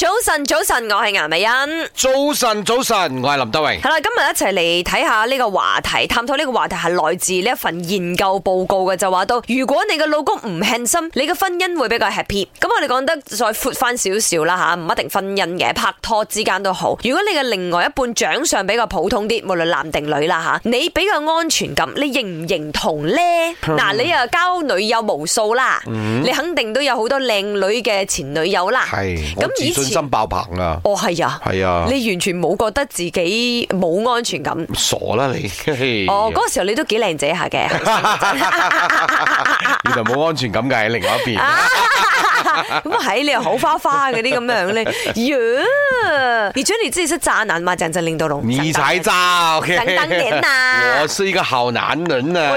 早晨，早晨，我係顏美欣。早晨，早晨，我係林德榮。係啦，今日一齊嚟睇下呢個話題，探討呢個話題係來自呢一份研究報告嘅，就話到如果你嘅老公唔 handsome，你嘅婚姻會比較 happy。咁我哋講得再闊翻少少啦吓，唔一定婚姻嘅，拍拖之間都好。如果你嘅另外一半長相比較普通啲，無論男定女啦吓，你比較安全感，你認唔認同呢？嗱， 你又交女友無數啦，嗯、你肯定都有好多靚女嘅前女友啦。係，咁以前。真心爆棚啊！哦，係啊，係啊。你完全冇覺得自己冇安全感，傻啦你！Hey、哦，嗰、嗰個時候你都幾靚仔下嘅，你就冇安全感嘅喺另外一邊。 咁啊係，你又好花花嗰啲咁樣咧，喲！你覺得你自己識渣男嘛？鄭振令到龍，你才渣，陳登年啊！我是一個好男人啊！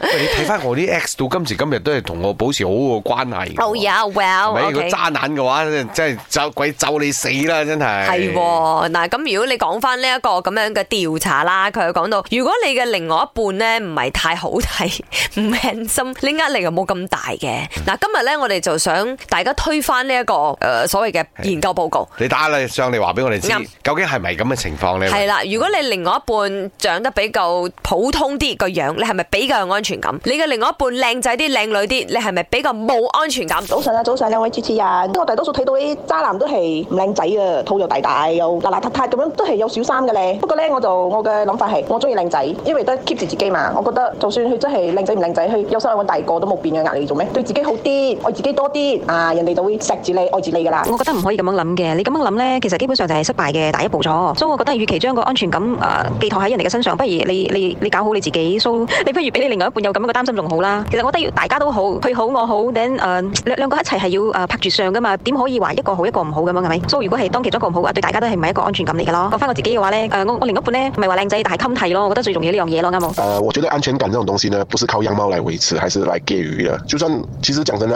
你睇翻我啲 X 到今時今日都係同我保持好嘅關係。Oh yeah, well，如果渣男嘅話，真係走鬼咒你死啦！真係係嗱，咁如果你講翻呢一個咁樣嘅調查啦，佢又講到如果你嘅另外一半咧唔係太好睇、唔開心，你壓力又冇咁大嘅。嗱，今日咧。我哋就想大家推翻呢一個誒所謂嘅研究報告。你打上嚟，你話俾我哋知，究竟係咪咁嘅情況咧？係啦，如果你另外一半長得比較普通啲個樣子是不是，你係咪比較有安全感？你嘅另外一半靚仔啲、靚女啲，你係咪比較冇安全感？早晨啊，早晨兩位主持人，我大多數睇到啲渣男都係唔靚仔啊，肚又大大，又邋邋遢遢咁樣，都係有小三嘅咧。不過咧，我就我嘅諗法係，我中意靚仔，因為都 keep 住自己嘛。我覺得就算佢真係靚仔唔靚仔，佢有心愛個大個都冇變嘅壓力做咩？ 對自己好啲。愛自己多啲啊，人哋就會錫住你愛住你噶啦。我覺得唔可以咁樣諗嘅，你咁樣諗咧，其實基本上就係失敗嘅第一步咗。所以，我覺得與其將個安全感啊、呃、寄託喺人哋嘅身上，不如你你你搞好你自己。所以，你不如俾你另外一半有咁樣嘅擔心仲好啦。其實我覺得要大家都好，佢好我好，等誒兩個一齊係要、呃、拍住相噶嘛。點可以話一個好一個唔好咁樣係咪？所以如果係當其中一個唔好啊，對大家都係唔係一個安全感嚟嘅咯？講翻我自己嘅話咧，我、呃、我另一半咧唔係話靚仔但係襟睇咯，我覺得最重要呢樣嘢咯啱冇？誒、呃，我覺得安全感呢種東西呢，不是靠樣貌嚟維持，還是嚟給予嘅。就算其實講真